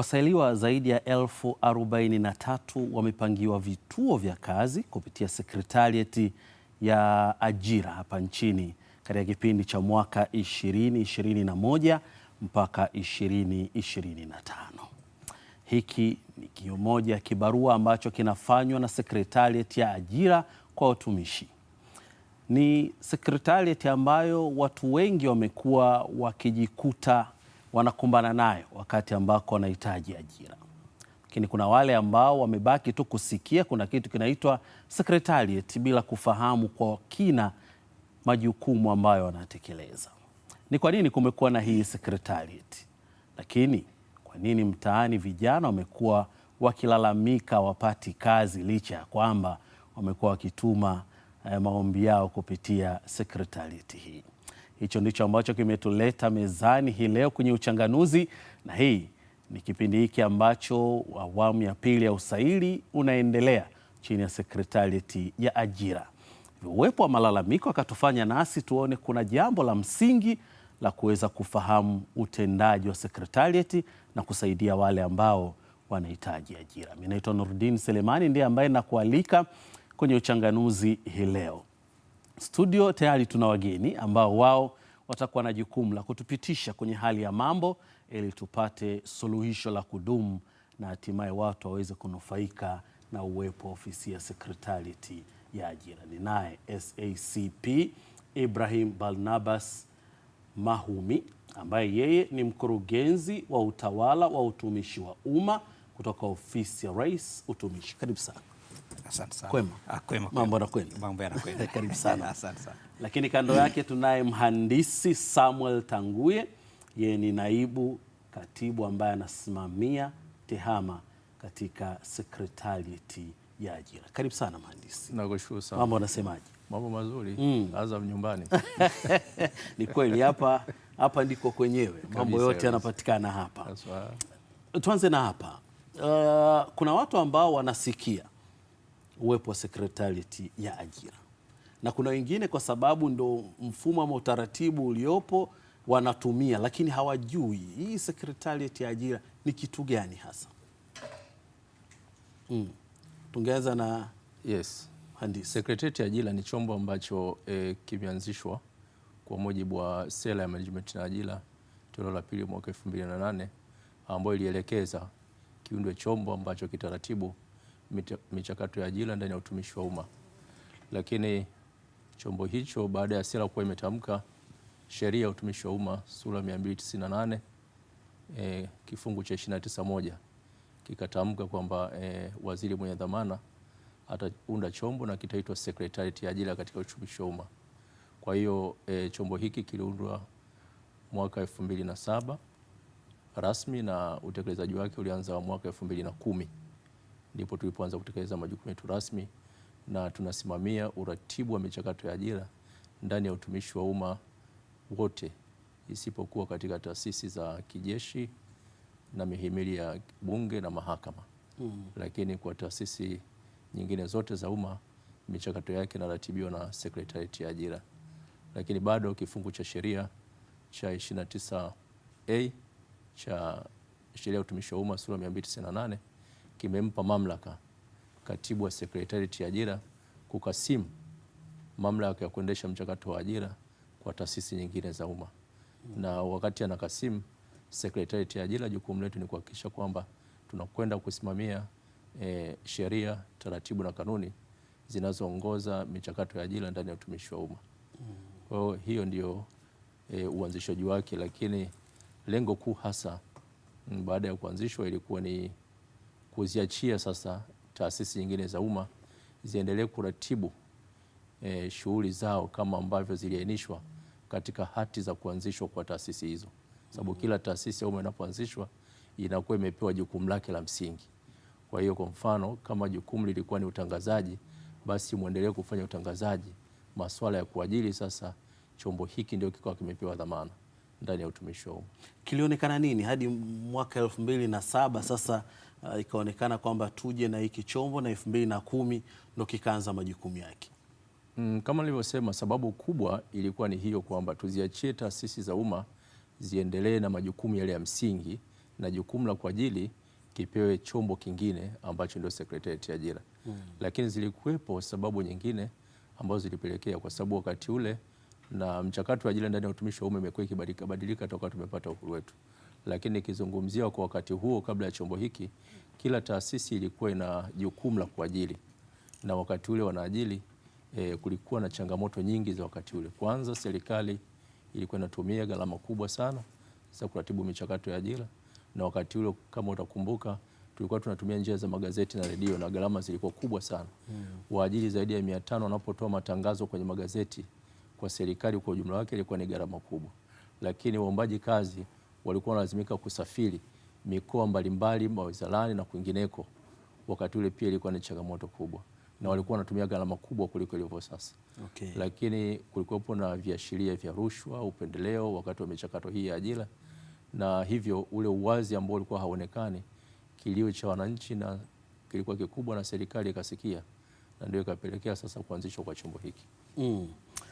Wasailiwa zaidi ya elfu arobaini na tatu wamepangiwa vituo vya kazi kupitia sekretarieti ya ajira hapa nchini katika kipindi cha mwaka 2021 mpaka 2025. Hiki ni kio moja ya kibarua ambacho kinafanywa na sekretarieti ya ajira kwa watumishi. Ni sekretarieti ambayo watu wengi wamekuwa wakijikuta wanakumbana nayo wakati ambako wanahitaji ajira. Lakini kuna wale ambao wamebaki tu kusikia kuna kitu kinaitwa secretariat bila kufahamu kwa kina majukumu ambayo wanatekeleza. Ni kwa nini kumekuwa na hii secretariat? Lakini kwa nini mtaani vijana wamekuwa wakilalamika wapati kazi licha ya kwamba wamekuwa wakituma eh, maombi yao kupitia secretariat hii? Hicho ndicho ambacho kimetuleta mezani hii leo kwenye Uchanganuzi, na hii ni kipindi hiki ambacho awamu ya pili ya usaili unaendelea chini ya sekretarieti ya ajira. Uwepo wa malalamiko akatufanya nasi tuone kuna jambo la msingi la kuweza kufahamu utendaji wa sekretarieti na kusaidia wale ambao wanahitaji ajira. Mi naitwa Nurdin Selemani ndiye ambaye nakualika kwenye Uchanganuzi hii leo studio tayari tuna wageni ambao wao watakuwa na jukumu la kutupitisha kwenye hali ya mambo ili tupate suluhisho la kudumu na hatimaye watu waweze kunufaika na uwepo wa ofisi ya Sekretarieti ya Ajira. Ni naye SACP Ibrahim Barnabas Mahumi ambaye yeye ni mkurugenzi wa utawala wa utumishi wa umma kutoka ofisi ya Rais Utumishi. Karibu sana. Asante sana. Kwema. Ah, kwema. Mambo yanakwenda. Mambo yanakwenda. Karibu sana. Asante sana. Lakini kando yake tunaye mhandisi Samuel Tanguye, yeye ni naibu katibu ambaye anasimamia TEHAMA katika sekretarieti ya ajira. Karibu sana mhandisi. Nakushukuru sana. Mambo unasemaje? Mambo mazuri. Mm. Azam nyumbani. Ni kweli hapa hapa ndiko kwenyewe. Mambo yote yanapatikana hapa. Tuanze na hapa. Uh, kuna watu ambao wanasikia uwepo wa sekretarieti ya ajira, na kuna wengine kwa sababu ndo mfumo ama utaratibu uliopo wanatumia, lakini hawajui hii sekretarieti ya ajira ni kitu gani hasa. Mm. Tungeweza na yes. Sekretarieti ya ajira ni chombo ambacho eh, kimeanzishwa kwa mujibu wa sera ya management na ajira toleo la pili mwaka 2008 ambayo ilielekeza kiundwe chombo ambacho kitaratibu michakato ya ajira ndani ya utumishi wa umma. Lakini chombo hicho baada ya sera kuwa imetamka sheria ya utumishi wa umma sura 298 e, kifungu cha 291 kikatamka kwamba e, waziri mwenye dhamana ataunda chombo na kitaitwa Sekretarieti ya Ajira katika Utumishi wa Umma. Kwa hiyo e, chombo hiki kiliundwa mwaka saba rasmi na utekelezaji wake ulianza mwaka 2010 ndipo tulipoanza kutekeleza majukumu yetu rasmi, na tunasimamia uratibu wa michakato ya ajira ndani ya utumishi wa umma wote isipokuwa katika taasisi za kijeshi na mihimili ya bunge na mahakama mm. Lakini kwa taasisi nyingine zote za umma michakato yake inaratibiwa na sekretarieti ya ajira, lakini bado kifungu cha sheria cha 29A cha sheria ya utumishi wa umma sura 298 kimempa mamlaka katibu wa sekretarieti ya ajira kukasimu mamlaka ya kuendesha mchakato wa ajira kwa taasisi nyingine za umma Na wakati anakasimu sekretarieti ya ajira, jukumu letu ni kuhakikisha kwamba tunakwenda kusimamia e, sheria, taratibu na kanuni zinazoongoza michakato ya ajira ndani ya utumishi wa umma Kwa hiyo hiyo ndio e, uanzishaji wake, lakini lengo kuu hasa baada ya kuanzishwa ilikuwa ni kuziachia sasa taasisi nyingine za umma ziendelee kuratibu e, shughuli zao kama ambavyo ziliainishwa katika hati za kuanzishwa kwa taasisi hizo, sababu mm-hmm. kila taasisi ya umma inapoanzishwa inakuwa imepewa jukumu lake la msingi. Kwa hiyo, kwa mfano kama jukumu lilikuwa ni utangazaji, basi muendelee kufanya utangazaji. Masuala ya kuajiri sasa, chombo hiki ndio kikawa kimepewa dhamana ndani ya utumishi wa umma. Kilionekana nini hadi mwaka elfu mbili na saba sasa uh, ikaonekana kwamba tuje na hiki chombo na elfu mbili na kumi ndo kikaanza majukumu yake. Mm, kama nilivyosema, sababu kubwa ilikuwa ni hiyo kwamba tuziachie taasisi za umma ziendelee na majukumu yale ya msingi na jukumu la kuajili kipewe chombo kingine ambacho ndio sekretarieti ya ajira mm. Lakini zilikuwepo sababu nyingine ambazo zilipelekea, kwa sababu wakati ule na mchakato wa ajira ndani ya utumishi wa umma imekuwa ikibadilika badilika toka tumepata uhuru wetu lakini nikizungumzia kwa wakati huo, kabla ya chombo hiki, kila taasisi ilikuwa ina jukumu la kuajili, na wakati ule wanaajili e, eh, kulikuwa na changamoto nyingi za wakati ule. Kwanza serikali ilikuwa inatumia gharama kubwa sana za kuratibu michakato ya ajira, na wakati ule kama utakumbuka tulikuwa tunatumia njia za magazeti na redio na gharama zilikuwa kubwa sana mm. Waajiri zaidi ya mia tano wanapotoa matangazo kwenye magazeti kwa serikali kwa ujumla wake ilikuwa ni gharama kubwa, lakini waombaji kazi walikuwa wanalazimika kusafiri mikoa mbalimbali mawizarani na kwingineko. Wakati ule pia ilikuwa ni changamoto kubwa, na walikuwa wanatumia gharama kubwa kuliko ilivyo sasa. Okay. Lakini kulikuwepo na viashiria vya rushwa, upendeleo wakati wa michakato hii ya ajira, na hivyo ule uwazi ambao ulikuwa hauonekani, kilio cha wananchi na kilikuwa kikubwa, na serikali ikasikia, na ndio ikapelekea sasa kuanzishwa kwa chombo hiki. Mm.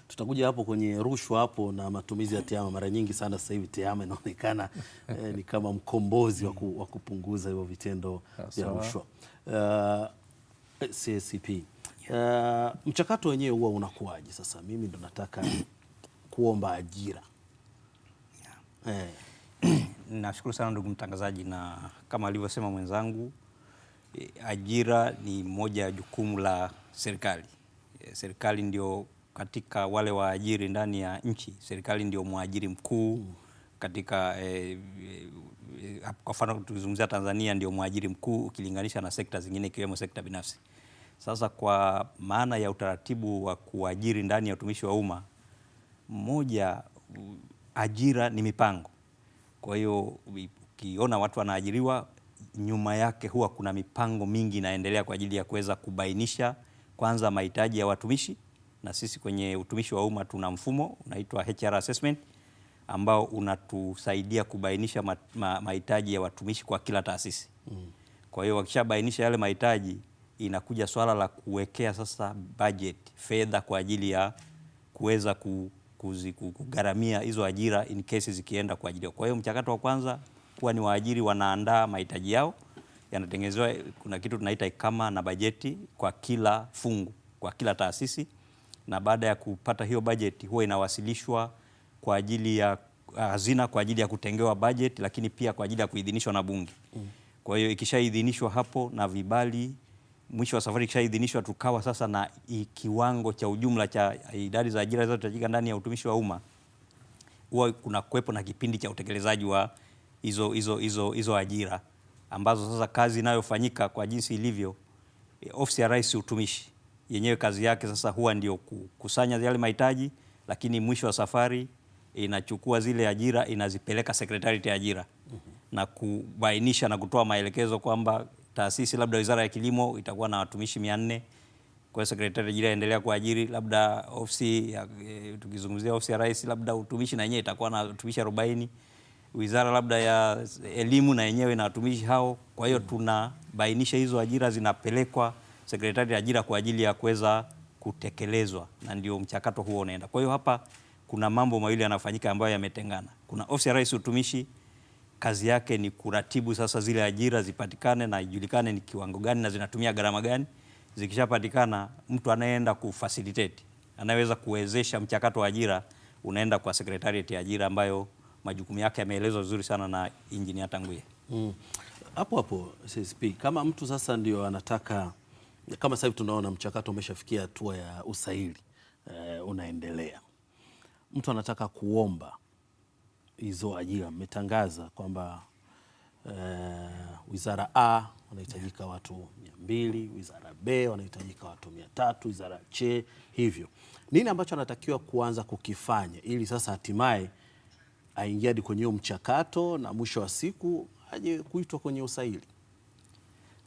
Tutakuja hapo kwenye rushwa hapo na matumizi ya tehama. Mara nyingi sana sasa hivi tehama inaonekana eh, ni kama mkombozi wa kupunguza hivyo vitendo vya rushwa uh, eh, eh, CACP uh, eh, mchakato wenyewe huwa unakuwaje? Sasa mimi ndo nataka kuomba ajira eh. Nashukuru sana ndugu mtangazaji, na kama alivyosema mwenzangu, ajira ni moja ya jukumu la serikali serikali ndio katika wale waajiri ndani ya nchi, serikali ndio mwajiri mkuu mm. katika eh, eh, kwa mfano tukizungumzia Tanzania ndio mwajiri mkuu ukilinganisha na sekta zingine ikiwemo sekta binafsi. Sasa kwa maana ya utaratibu wa kuajiri ndani ya utumishi wa umma, moja ajira ni mipango. Kwa hiyo ukiona watu wanaajiriwa, nyuma yake huwa kuna mipango mingi inaendelea kwa ajili ya kuweza kubainisha kwanza mahitaji ya watumishi, na sisi kwenye utumishi wa umma tuna mfumo unaitwa HR assessment ambao unatusaidia kubainisha mahitaji ma, ya watumishi kwa kila taasisi mm. Kwa hiyo wakishabainisha yale mahitaji, inakuja swala la kuwekea sasa budget, fedha kwa ajili ya kuweza kugaramia hizo ajira in case zikienda kuajiriwa. Kwa hiyo mchakato wa kwanza kuwa ni waajiri wanaandaa mahitaji yao yanatengenezewa, kuna kitu tunaita ikama na bajeti kwa kila fungu, kwa kila taasisi, na baada ya kupata hiyo bajeti huwa inawasilishwa kwa ajili ya ah, hazina kwa ajili ya kutengewa bajeti, lakini pia kwa ajili ya kuidhinishwa na Bunge. Mm. Kwa hiyo ikishaidhinishwa hapo na vibali mwisho wa safari ikishaidhinishwa, tukawa sasa na kiwango cha ujumla cha idadi za ajira zinazohitajika ndani ya utumishi wa umma, huwa kuna kuwepo na kipindi cha utekelezaji wa hizo hizo hizo ajira ambazo sasa kazi inayofanyika kwa jinsi ilivyo eh, ofisi ya Rais utumishi yenyewe kazi yake sasa huwa ndio kukusanya yale mahitaji, lakini mwisho wa safari eh, inachukua zile ajira inazipeleka sekretarieti ya ajira mm -hmm. na kubainisha na kutoa maelekezo kwamba taasisi labda wizara ya kilimo itakuwa na watumishi mia nne kwa sekretarieti ya ajira endelea kuajiri labda ofisi ya, e, tukizungumzia ofisi ya rais labda utumishi na yenyewe itakuwa na watumishi arobaini wizara labda ya elimu na yenyewe na watumishi hao. Kwa hiyo mm. tunabainisha hizo ajira zinapelekwa sekretari ya ajira kwa ajili ya kuweza kutekelezwa, na ndio mchakato huo unaenda. Kwa hiyo hapa kuna mambo mawili yanafanyika ambayo yametengana. Kuna ofisi ya Rais Utumishi, kazi yake ni kuratibu sasa zile ajira zipatikane na ijulikane ni kiwango gani na zinatumia gharama gani. Zikishapatikana, mtu anayeenda kufacilitate, anayeweza kuwezesha mchakato wa ajira unaenda kwa sekretariat ya ajira ambayo majukumu yake yameelezwa vizuri sana na Injinia Tanguye. Mm. Hapo hapo CSP, kama mtu sasa ndio anataka kama sasa hivi tunaona mchakato umeshafikia hatua ya usaili uh, unaendelea, mtu anataka kuomba hizo ajira, mmetangaza kwamba uh, wizara A wanahitajika watu mia mbili, wizara B wanahitajika watu mia tatu, wizara C hivyo, nini ambacho anatakiwa kuanza kukifanya ili sasa hatimaye aingia hadi kwenye mchakato na mwisho wa siku aje kuitwa kwenye usaili.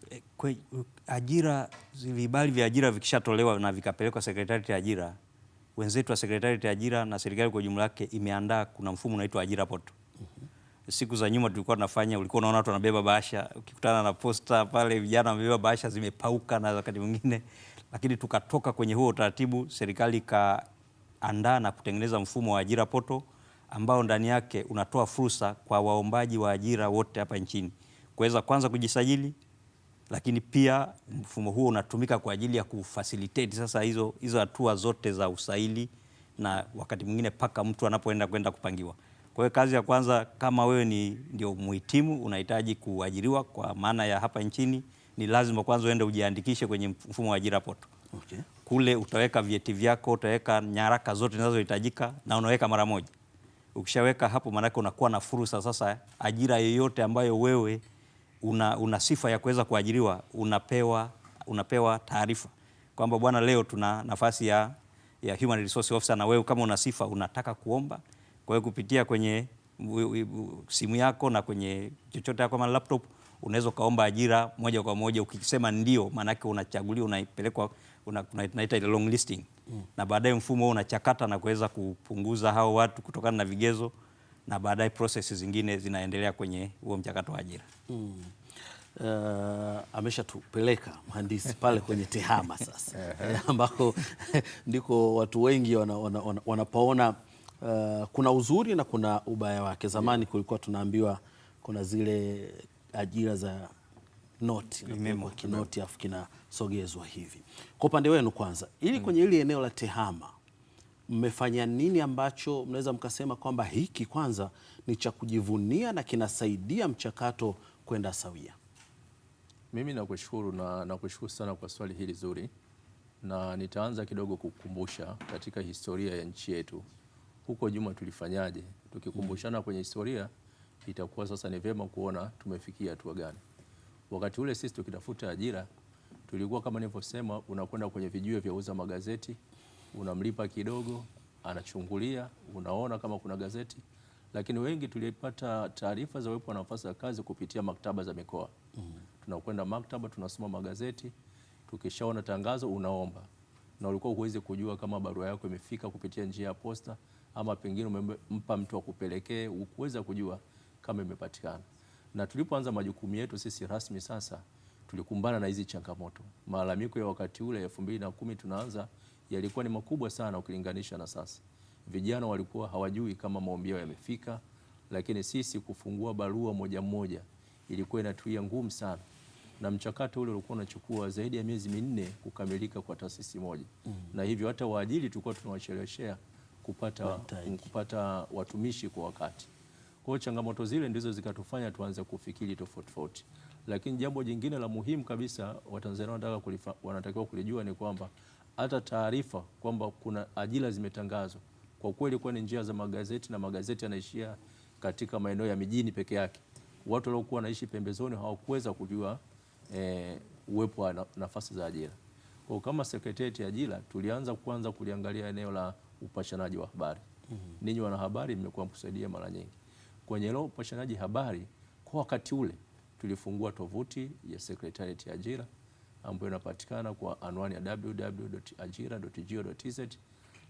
Eh, kwe, ajira vibali vya ajira vikishatolewa na vikapelekwa sekretarieti ya ajira, wenzetu wa sekretarieti ya ajira na serikali kwa jumla yake imeandaa, kuna mfumo unaitwa ajira poto. mm -hmm. Siku za nyuma tulikuwa tunafanya, ulikuwa unaona watu wanabeba bahasha, ukikutana na posta pale vijana wamebeba bahasha zimepauka na wakati mwingine, lakini tukatoka kwenye huo utaratibu, serikali ikaandaa na kutengeneza mfumo wa ajira poto ambao ndani yake unatoa fursa kwa waombaji wa ajira wote hapa nchini kuweza kwanza kujisajili, lakini pia mfumo huo unatumika kwa ajili ya kufasilitate sasa hizo hizo hatua zote za usaili na wakati mwingine mpaka mtu anapoenda kwenda kupangiwa. Kwa hiyo kazi ya kwanza kama wewe ni ndio muhitimu unahitaji kuajiriwa kwa maana ya hapa nchini, ni lazima kwanza uende ujiandikishe kwenye mfumo wa ajira poto. Okay. Kule utaweka vyeti vyako, utaweka nyaraka zote zinazohitajika na unaweka mara moja Ukishaweka hapo, maanake unakuwa na fursa sasa. Ajira yoyote ambayo wewe una, una sifa ya kuweza kuajiriwa unapewa, unapewa taarifa kwamba bwana, leo tuna nafasi ya, ya human resource officer, na wewe kama una sifa unataka kuomba. Kwa hiyo kupitia kwenye simu yako na kwenye chochote yako kama laptop unaweza ukaomba ajira moja kwa moja. Ukisema ndio, maanake unachaguliwa, unaipelekwa, unaita long listing mm. na baadaye mfumo huo unachakata na kuweza kupunguza hao watu kutokana na vigezo, na baadaye prosesi zingine zinaendelea kwenye huo mchakato wa ajira mm. Uh, ameshatupeleka mhandisi pale kwenye tehama sasa eh, ambako ndiko watu wengi wana, wana, wana uh, kuna uzuri na kuna ubaya wake. Zamani kulikuwa tunaambiwa kuna zile ajira za noti kinoti afu kinasogezwa hivi. Kwa upande wenu kwanza, ili mm. kwenye hili eneo la tehama mmefanya nini ambacho mnaweza mkasema kwamba hiki kwanza ni cha kujivunia na kinasaidia mchakato kwenda sawia? Mimi nakushukuru na nakushukuru sana kwa swali hili zuri, na nitaanza kidogo kukumbusha katika historia ya nchi yetu huko nyuma tulifanyaje. Tukikumbushana kwenye historia, itakuwa sasa ni vyema kuona tumefikia hatua gani. Wakati ule sisi tukitafuta ajira tulikuwa kama nilivyosema, unakwenda kwenye vijiwe vya uza magazeti, unamlipa kidogo, anachungulia, unaona kama kuna gazeti. Lakini wengi tulipata taarifa za uwepo wa nafasi za kazi kupitia maktaba za mikoa. mm -hmm. Tunakwenda maktaba, tunasoma magazeti, tukishaona tangazo unaomba, na ulikuwa huwezi kujua kama barua yako imefika kupitia njia ya posta ama pengine umempa mtu akupelekee, ukuweza kujua kama imepatikana na tulipoanza majukumu yetu sisi rasmi sasa tulikumbana na hizi changamoto. Malalamiko ya wakati ule elfu mbili na kumi tunaanza yalikuwa ni makubwa sana ukilinganisha na sasa. Vijana walikuwa hawajui kama maombi yao yamefika, lakini sisi kufungua barua moja moja ilikuwa inatuia ngumu sana, na mchakato ule ulikuwa unachukua zaidi ya miezi minne kukamilika kwa taasisi moja mm -hmm. na hivyo hata waajili tulikuwa tunawacheleweshea kupata, kupata watumishi kwa wakati. Kwa changamoto zile ndizo zikatufanya tuanze kufikiri tofauti tofauti. Lakini jambo jingine la muhimu kabisa Watanzania wanataka wanatakiwa kulijua ni kwamba hata taarifa kwamba kuna ajira zimetangazwa kwa kweli kwa ni njia za magazeti na magazeti yanaishia katika maeneo ya mijini peke yake. Watu waliokuwa wanaishi pembezoni hawakuweza kujua eh, uwepo wa na, nafasi za ajira. Kwa kama sekretarieti ya ajira tulianza kwanza kuliangalia eneo la upashanaji wa habari. mm -hmm. Ninyi wanahabari mmekuwa mkusaidia mara nyingi kwenye leo upashanaji habari kwa wakati ule tulifungua tovuti ya Sekretarieti ya Ajira ambayo inapatikana kwa anwani ya www.ajira.go.tz.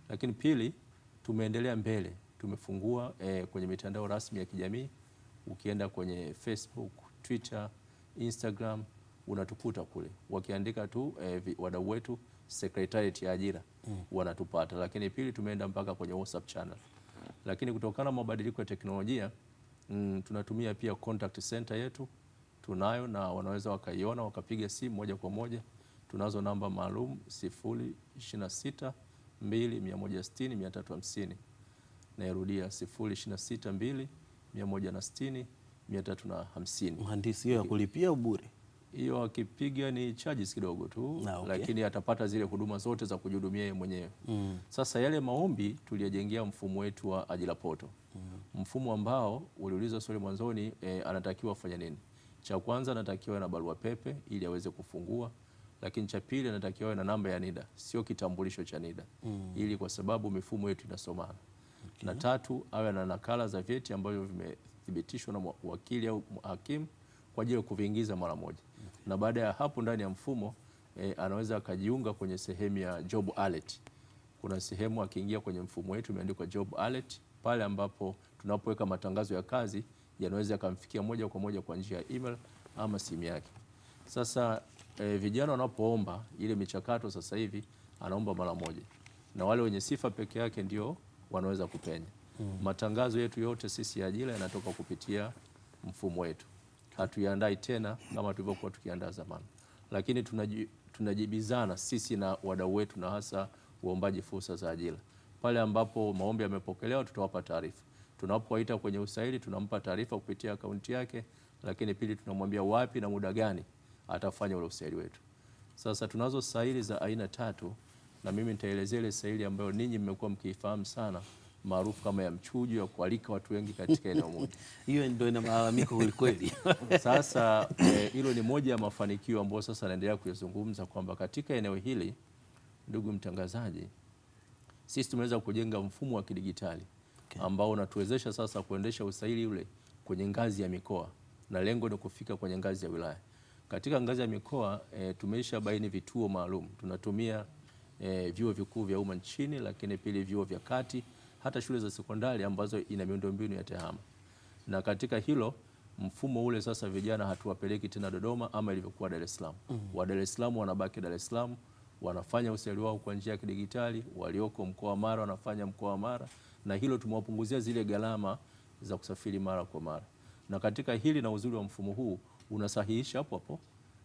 Lakini pili, tumeendelea mbele, tumefungua eh, kwenye mitandao rasmi ya kijamii. Ukienda kwenye Facebook, Twitter, Instagram unatukuta kule, wakiandika tu eh, wadau wetu Sekretarieti ya Ajira mm. wanatupata. Lakini pili, tumeenda mpaka kwenye WhatsApp channel lakini kutokana na mabadiliko ya teknolojia mm, tunatumia pia contact center yetu tunayo, na wanaweza wakaiona wakapiga simu moja kwa moja. Tunazo namba maalum 026 2 160 350. Nairudia 026 2 350. Mhandisi, hiyo ya kulipia ubure hiyo akipiga ni charges kidogo tu na, ah, okay. Lakini atapata zile huduma zote za kujihudumia yeye mwenyewe mm. Sasa yale maombi tuliyojengea mfumo wetu wa ajira poto mm. Mfumo ambao uliuliza swali mwanzoni e, anatakiwa afanye nini? Cha kwanza anatakiwa na barua pepe ili aweze kufungua, lakini cha pili anatakiwa na namba ya NIDA, sio kitambulisho cha NIDA mm. Ili kwa sababu mifumo yetu inasomana okay. Na tatu awe na nakala za vyeti ambavyo vimethibitishwa na wakili au hakimu kwa ajili ya kuviingiza mara moja na baada ya hapo ndani ya mfumo e, anaweza akajiunga kwenye sehemu ya job alert. Kuna sehemu akiingia kwenye mfumo wetu imeandikwa job alert, pale ambapo tunapoweka matangazo ya kazi yanaweza akamfikia moja kwa moja kwa njia ya email ama simu yake. Sasa e, vijana wanapoomba ile michakato sasa hivi anaomba mara moja, na wale wenye sifa peke yake ndio wanaweza kupenya. Hmm. Matangazo yetu yote sisi ya ajira yanatoka kupitia mfumo wetu hatuiandai tena kama tulivyokuwa tukiandaa zamani, lakini tunaji, tunajibizana sisi na wadau wetu na hasa waombaji fursa za ajira. Pale ambapo maombi yamepokelewa, tutawapa taarifa. Tunapowaita kwenye usaili, tunampa taarifa kupitia akaunti yake, lakini pili, tunamwambia wapi na muda gani atafanya ule usaili wetu. Sasa tunazo saili za aina tatu, na mimi nitaelezea ile saili ambayo ninyi mmekuwa mkiifahamu sana maarufu kama ya mchujo ya kualika watu wengi katika eneo moja. Hiyo ndio ina malalamiko kwelikweli. Sasa eh, hilo eh, ni moja ya mafanikio ambayo sasa naendelea kuyazungumza kwamba katika eneo hili, ndugu mtangazaji, sisi tumeweza kujenga mfumo wa kidigitali okay, ambao unatuwezesha sasa kuendesha usaili ule kwenye ngazi ya mikoa na lengo ni kufika kwenye ngazi ya wilaya. Katika ngazi ya mikoa e, tumeisha baini vituo maalum tunatumia e, vyuo vikuu vya umma nchini, lakini pili vyuo vya kati hata shule za sekondari ambazo ina miundombinu ya TEHAMA. Na katika hilo mfumo ule sasa vijana hatuwapeleki tena Dodoma ama ilivyokuwa Dar es Salaam. Mm -hmm. Wa Dar es Salaam wanabaki Dar es Salaam, wanafanya usajili wao kwa njia ya kidigitali, walioko mkoa wa Mara wanafanya mkoa wa Mara, na hilo tumewapunguzia zile gharama za kusafiri mara kwa mara. Na katika hili na uzuri wa mfumo huu unasahihisha hapo hapo.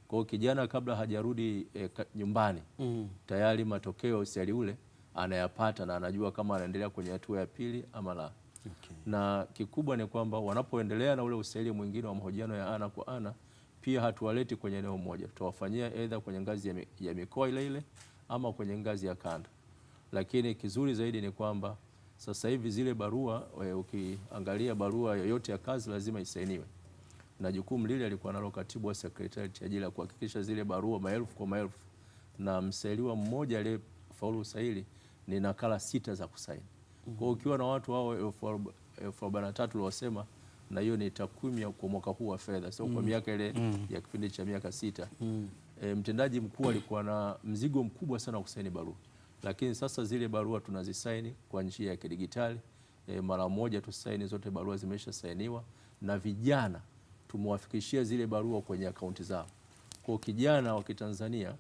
Kwa kijana kabla hajarudi e, ka, nyumbani mm -hmm. tayari matokeo ya usajili ule anayapata na anajua kama anaendelea kwenye hatua ya pili ama la. Okay. Na kikubwa ni kwamba wanapoendelea na ule usaili mwingine wa mahojiano ya ana kwa ana, pia hatuwaleti kwenye eneo moja, tutawafanyia aidha kwenye ngazi ya mikoa ile ile ama kwenye ngazi ya kanda. Lakini kizuri zaidi ni kwamba sasa hivi zile barua we, ukiangalia barua yoyote ya kazi lazima isainiwe, na jukumu lile alikuwa nalo katibu wa sekretarieti ajili ya kuhakikisha zile barua maelfu kwa maelfu na msailiwa mmoja aliyefaulu usaili ni nakala sita za kusaini. Kwa ukiwa na watu hao elfu arobaini na tatu uliosema na hiyo ni takwimu ya kwa mwaka huu wa fedha, sio kwa mm. miaka ile mm. ya kipindi cha miaka sita. E, mtendaji mkuu alikuwa na mzigo mkubwa sana wa kusaini barua, lakini sasa zile barua tunazisaini kwa njia ya kidigitali. E, mara moja tu saini zote barua zimesha sainiwa na vijana tumewafikishia zile barua kwenye akaunti zao. Kwa kijana wa Kitanzania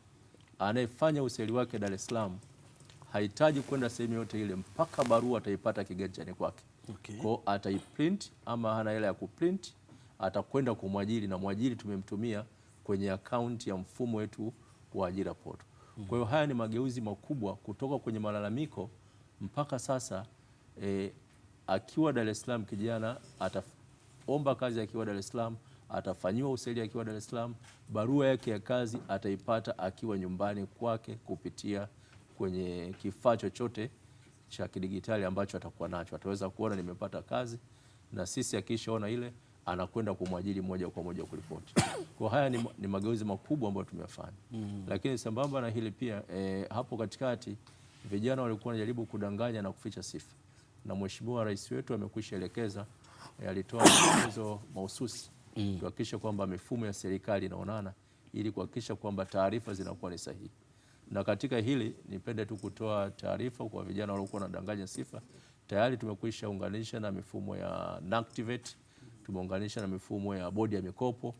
anayefanya usajili wake Dar es Salaam hahitaji kwenda sehemu yote ile mpaka barua ataipata kiganjani kwake. Okay. Kwao ataiprint ama hana hela ya kuprint, atakwenda kwa mwajiri na mwajiri tumemtumia kwenye akaunti ya mfumo wetu wa ajira portal. Mm. Kwa hiyo haya ni mageuzi makubwa kutoka kwenye malalamiko mpaka sasa. E, akiwa Dar es Salaam kijana ataomba kazi akiwa Dar es Salaam, atafanyiwa usaili akiwa Dar es Salaam, barua yake ya kazi ataipata akiwa nyumbani kwake kupitia kwenye kifaa chochote cha kidigitali ambacho atakuwa nacho, ataweza kuona nimepata kazi, na sisi akishaona ile anakwenda kumwajiri moja kwa moja kuripoti. Kwa haya ni, ni mageuzi makubwa ambayo tumeyafanya mm -hmm. Lakini sambamba na hili pia e, hapo katikati vijana walikuwa wanajaribu kudanganya na kuficha sifa, na Mheshimiwa Rais wetu amekwishaelekeza e, alitoa maelezo mahususi mm -hmm. kuhakikisha kwamba mifumo ya serikali inaonana ili kuhakikisha kwamba taarifa zinakuwa ni sahihi. Na katika hili nipende tu kutoa taarifa kwa vijana waliokuwa wanadanganya sifa, tayari tumekwisha unganisha na mifumo ya NACTIVATE, tumeunganisha na mifumo ya bodi ya mikopo.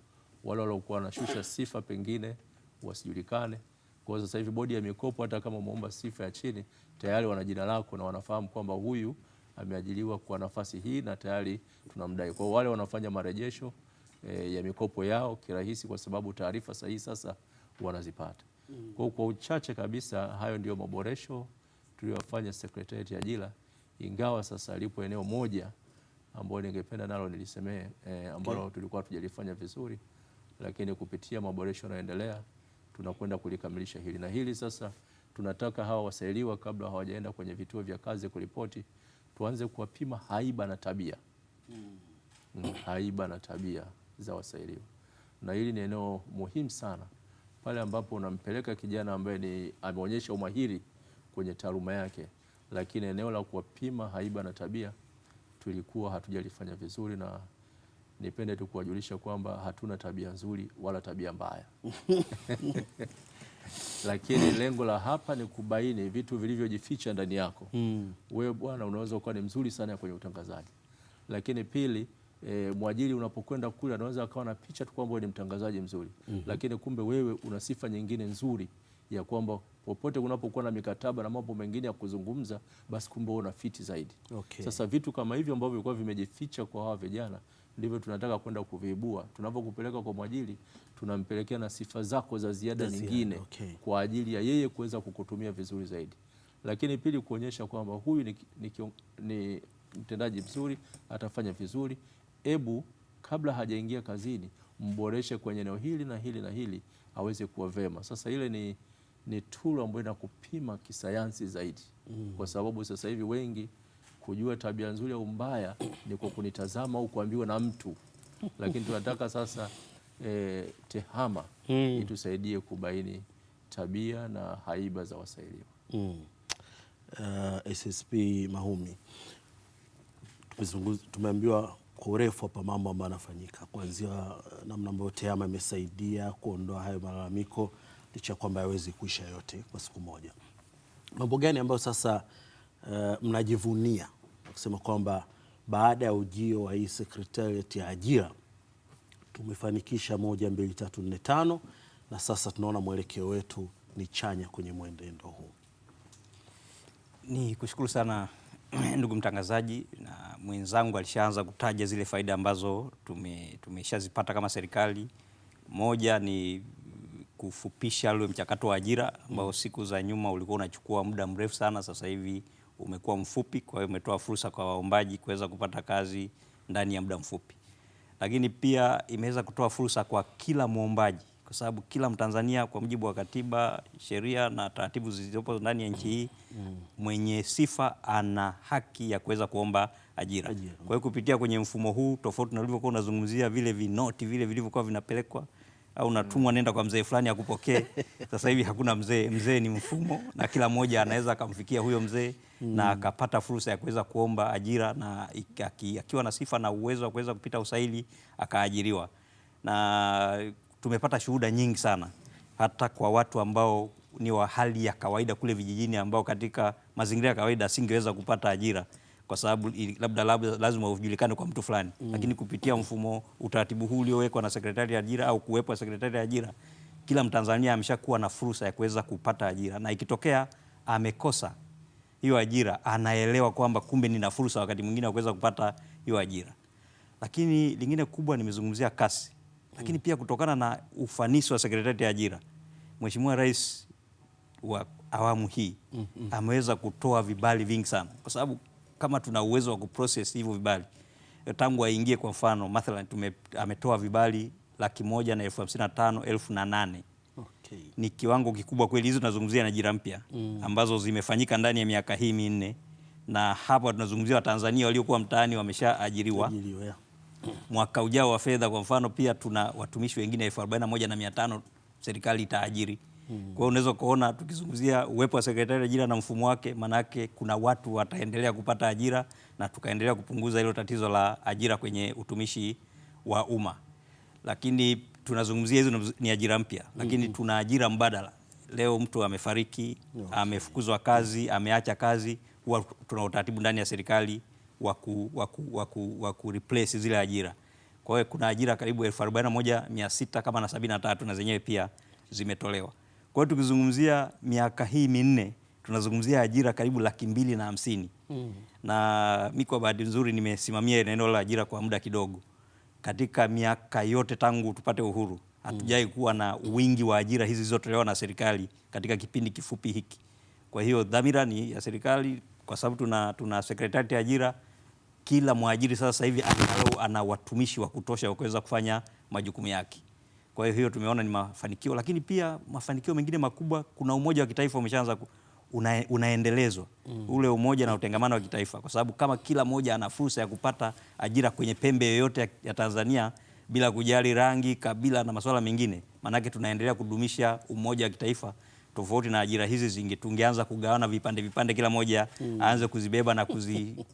Wale waliokuwa wanashusha sifa pengine wasijulikane. Kwa hiyo sasa hivi bodi ya mikopo, hata kama umeomba sifa ya chini, tayari wana jina lako na wanafahamu kwamba huyu ameajiriwa kwa nafasi hii na tayari tunamdai. Kwa hiyo wale wanafanya marejesho e, ya mikopo yao kirahisi, kwa sababu taarifa sahihi sasa wanazipata. Mm. Kwa, kwa uchache kabisa hayo ndiyo maboresho tuliyofanya Sekretarieti ya Ajira, ingawa sasa lipo eneo moja ambalo ningependa nalo nilisemee eh, ambalo okay, tulikuwa tujalifanya vizuri, lakini kupitia maboresho yanayoendelea tunakwenda kulikamilisha hili na hili sasa tunataka hawa wasailiwa kabla hawajaenda kwenye vituo vya kazi kuripoti, tuanze kuwapima haiba na tabia mm. haiba na tabia za wasailiwa, na hili ni eneo muhimu sana pale ambapo unampeleka kijana ambaye ni ameonyesha umahiri kwenye taaluma yake, lakini eneo la kuwapima haiba na tabia tulikuwa hatujalifanya vizuri, na nipende tu kuwajulisha kwamba hatuna tabia nzuri wala tabia mbaya lakini lengo la hapa ni kubaini vitu vilivyojificha ndani yako. Mm. Wewe bwana, unaweza kuwa ni mzuri sana kwenye utangazaji, lakini pili E, mwajiri unapokwenda kule anaweza akawa na picha tu kwamba ni mtangazaji mzuri mm -hmm. Lakini kumbe wewe una sifa nyingine nzuri ya kwamba popote unapokuwa na mikataba na mambo mengine ya kuzungumza, basi kumbe una fiti zaidi okay. Sasa vitu kama hivyo ambavyo vilikuwa vimejificha kwa hawa vijana ndivyo tunataka kwenda kuviibua. Tunapokupeleka kwa mwajiri, tunampelekea na sifa zako za ziada nyingine okay. kwa ajili ya yeye kuweza kukutumia vizuri zaidi, lakini pili kuonyesha kwamba huyu ni, ni, ni mtendaji mzuri, atafanya vizuri ebu kabla hajaingia kazini mboreshe kwenye eneo hili na hili na hili aweze kuwa vema. Sasa ile ni, ni tool ambayo inakupima kisayansi zaidi mm. Kwa sababu sasa hivi wengi kujua tabia nzuri au mbaya ni kwa kunitazama au kuambiwa na mtu, lakini tunataka sasa e, tehama mm. itusaidie kubaini tabia na haiba za wasailiwa mm. Uh, eh, SSP Mahumi tumeambiwa kwa urefu hapa mambo ambayo yanafanyika kuanzia eh, namna ambayo TEHAMA imesaidia kuondoa hayo malalamiko, licha kwamba hayawezi kuisha yote kwa siku moja. Mambo gani ambayo sasa uh, mnajivunia kusema kwamba baada ya ujio wa hii sekretariat ya ajira tumefanikisha moja, mbili, tatu, nne, tano, na sasa tunaona mwelekeo wetu ni chanya kwenye mwenendo huu? Ni kushukuru sana ndugu mtangazaji na mwenzangu alishaanza kutaja zile faida ambazo tumeshazipata tume kama serikali. Moja ni kufupisha ule mchakato wa ajira ambao siku za nyuma ulikuwa unachukua muda mrefu sana, sasa hivi umekuwa mfupi. Kwa hiyo umetoa fursa kwa waombaji kuweza kupata kazi ndani ya muda mfupi, lakini pia imeweza kutoa fursa kwa kila mwombaji kwa sababu kila Mtanzania kwa mujibu wa katiba, sheria na taratibu zilizopo ndani ya nchi hii mm. mwenye sifa ana haki ya kuweza kuomba ajira. Kwa hiyo kupitia kwenye mfumo huu, tofauti na ulivyokuwa unazungumzia vile vinoti vile vilivyokuwa vinapelekwa au natumwa nenda kwa mzee fulani akupokee. Sasa hivi hakuna mzee, mzee ni mfumo, na kila mmoja anaweza akamfikia huyo mzee mm. na akapata fursa ya kuweza kuomba ajira, na akiwa na sifa na uwezo wa kuweza kupita usaili akaajiriwa na tumepata shuhuda nyingi sana hata kwa watu ambao ni wa hali ya kawaida kule vijijini, ambao katika mazingira ya kawaida asingeweza kupata ajira kwa sababu labda labda lazima ujulikane kwa mtu fulani mm. Lakini kupitia mfumo utaratibu huu uliowekwa na sekretari ya ajira au kuwepo na sekretari ya ajira, kila Mtanzania ameshakuwa na fursa ya kuweza kupata ajira, na ikitokea amekosa hiyo ajira, anaelewa kwamba kumbe nina fursa wakati mwingine wa kuweza kupata hiyo ajira. Lakini lingine kubwa, nimezungumzia kasi lakini pia kutokana na ufanisi wa sekretarieti ya ajira, Mheshimiwa Rais wa awamu hii mm. -hmm. ameweza kutoa vibali vingi sana, kwa sababu kama tuna uwezo wa kuprocess hivyo vibali tangu aingie, kwa mfano mathalan, ametoa vibali laki moja na elfu hamsini na tano elfu na nane okay. Ni kiwango kikubwa kweli. Hizo tunazungumzia na ajira mpya mm. ambazo zimefanyika ndani ya miaka hii minne, na hapa tunazungumzia Watanzania waliokuwa mtaani wameshaajiriwa, yeah mwaka ujao wa fedha kwa mfano, pia tuna watumishi wengine elfu arobaini na moja na mia tano serikali itaajiri. -hmm. Kwa hiyo unaweza kuona tukizungumzia uwepo wa sekretari ajira na mfumo wake, maanake kuna watu wataendelea kupata ajira na tukaendelea kupunguza hilo tatizo la ajira kwenye utumishi wa umma. Lakini tunazungumzia hizo ni ajira mpya, lakini -hmm. tuna ajira mbadala. Leo mtu amefariki, amefukuzwa kazi, ameacha kazi, huwa tuna utaratibu ndani ya serikali wa replace zile ajira. Kwa hiyo kuna ajira karibu 41600 kama na 73 na zenyewe pia zimetolewa. Kwa hiyo tukizungumzia miaka hii minne tunazungumzia ajira karibu laki mbili na hamsini mm. na mi kwa bahati nzuri nimesimamia eneo la ajira kwa muda kidogo. Katika miaka yote tangu tupate uhuru hmm. hatujai kuwa na wingi wa ajira hizi zilizotolewa na serikali katika kipindi kifupi hiki. Kwa hiyo dhamira ni ya serikali, kwa sababu tuna, tuna sekretarieti ya ajira kila mwajiri sasa hivi angalau ana watumishi wa kutosha wa kuweza kufanya majukumu yake. Kwa hiyo hiyo tumeona ni mafanikio, lakini pia mafanikio mengine makubwa, kuna umoja wa kitaifa umeshaanza una, unaendelezwa mm. ule umoja na utengamano wa kitaifa, kwa sababu kama kila mmoja ana fursa ya kupata ajira kwenye pembe yoyote ya Tanzania bila kujali rangi, kabila na masuala mengine, maanake tunaendelea kudumisha umoja wa kitaifa tofauti na ajira hizi zingi, tungeanza kugawana vipande vipande, kila moja mm. aanze kuzibeba na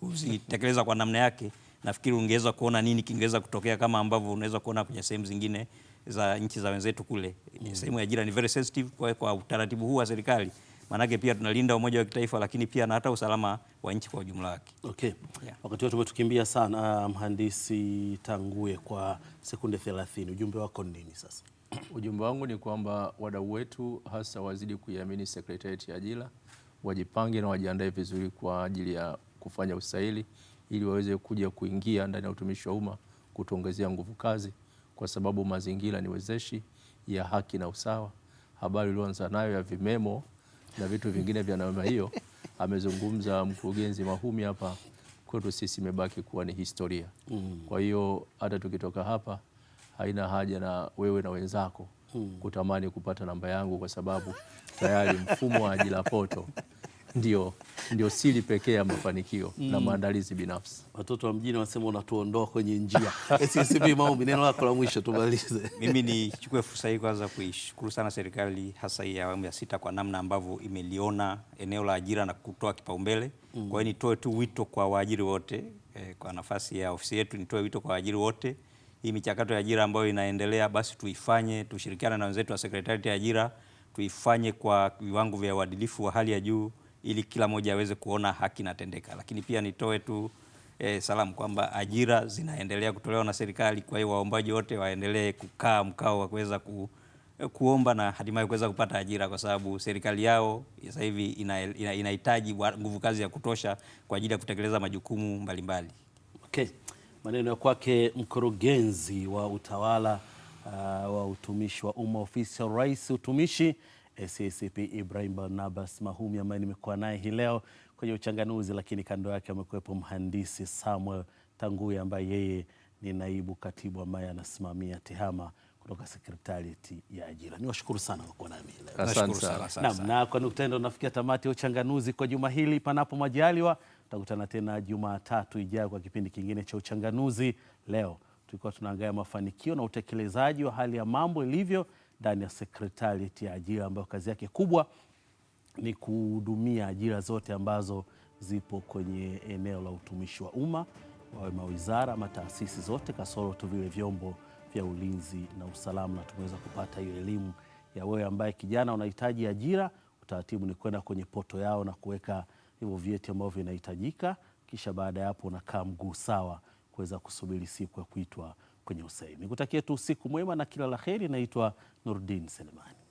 kuzitekeleza kwa namna yake, nafikiri ungeweza kuona nini kingeweza kutokea kama ambavyo unaweza kuona kwenye sehemu zingine za nchi za wenzetu kule. Mm. Sehemu ya ajira ni very sensitive kwa, kwa utaratibu huu wa serikali maanake pia tunalinda umoja wa kitaifa lakini pia na hata usalama wa nchi kwa ujumla wake. Okay. Yeah. Wakati wote umetukimbia sana, mhandisi um, kwa sekunde 30 ujumbe wako ni nini sasa? Ujumbe wangu ni kwamba wadau wetu hasa wazidi kuiamini Sekretarieti ya Ajira, wajipange na wajiandae vizuri kwa ajili ya kufanya usaili ili waweze kuja kuingia ndani ya utumishi wa umma kutuongezea nguvu kazi, kwa sababu mazingira ni wezeshi ya haki na usawa. Habari ulioanza nayo ya vimemo na vitu vingine vya namna hiyo amezungumza mkurugenzi Mahumi hapa, kwetu sisi imebaki kuwa ni historia. Mm. Kwa hiyo hata tukitoka hapa haina haja na wewe na wenzako hmm. kutamani kupata namba yangu kwa sababu tayari mfumo wa ajira poto ndio, ndio siri pekee ya mafanikio mm. na hmm. maandalizi binafsi. Watoto wa mjini wanasema unatuondoa kwenye njia. SSB Maombi, neno lako la mwisho tumalize. Mimi nichukue fursa hii kwanza kuishukuru sana serikali hasa hii ya awamu ya sita kwa namna ambavyo imeliona eneo la ajira na kutoa kipaumbele mm. kwa hiyo nitoe tu wito kwa waajiri wote eh, kwa nafasi ya ofisi yetu nitoe wito kwa waajiri wote hii michakato ya ajira ambayo inaendelea, basi tuifanye, tushirikiane na wenzetu wa sekretarieti ya ajira, tuifanye kwa viwango vya uadilifu wa hali ya juu, ili kila mmoja aweze kuona haki inatendeka. Lakini pia nitoe tu e, salamu kwamba ajira zinaendelea kutolewa na serikali. Kwa hiyo waombaji wote waendelee kukaa mkao wa kuweza ku, eh, kuomba na hatimaye kuweza kupata ajira, kwa sababu serikali yao sasa hivi inahitaji ina, ina nguvu kazi ya kutosha kwa ajili ya kutekeleza majukumu mbalimbali mbali. Okay. Maneno ya kwake mkurugenzi wa utawala uh, wa utumishi wa umma ofisi ya rais utumishi SACP Ibrahim Barnabas Mahumi ambaye nimekuwa naye hii leo kwenye uchanganuzi, lakini kando yake amekuwepo mhandisi Samuel Tanguye ambaye yeye ni naibu katibu ambaye anasimamia tehama kutoka sekretarieti ya ajira. Niwashukuru sana kwa kuwa nami leo. Asante sana. Naam, na kwa nukta hiyo nafikia tamati ya uchanganuzi kwa juma hili, panapo majaliwa tutakutana tena Jumatatu ijayo kwa kipindi kingine cha Uchanganuzi. Leo tulikuwa tunaangalia mafanikio na utekelezaji wa hali ya mambo ilivyo ndani ya Sekretarieti ya Ajira ambayo kazi yake kubwa ni kuhudumia ajira zote ambazo zipo kwenye eneo la utumishi wa umma, wawe mawizara ama taasisi zote, kasoro tu vile vyombo vya ulinzi na usalama. Na tumeweza kupata hiyo elimu ya wewe ambaye kijana unahitaji ajira, utaratibu ni kwenda kwenye poto yao na kuweka hivyo vyeti ambavyo vinahitajika, kisha baada ya hapo unakaa mguu sawa kuweza kusubiri siku ya kuitwa kwenye usaili. Nikutakie tu usiku mwema na kila la heri. Naitwa Nurdin Selemani.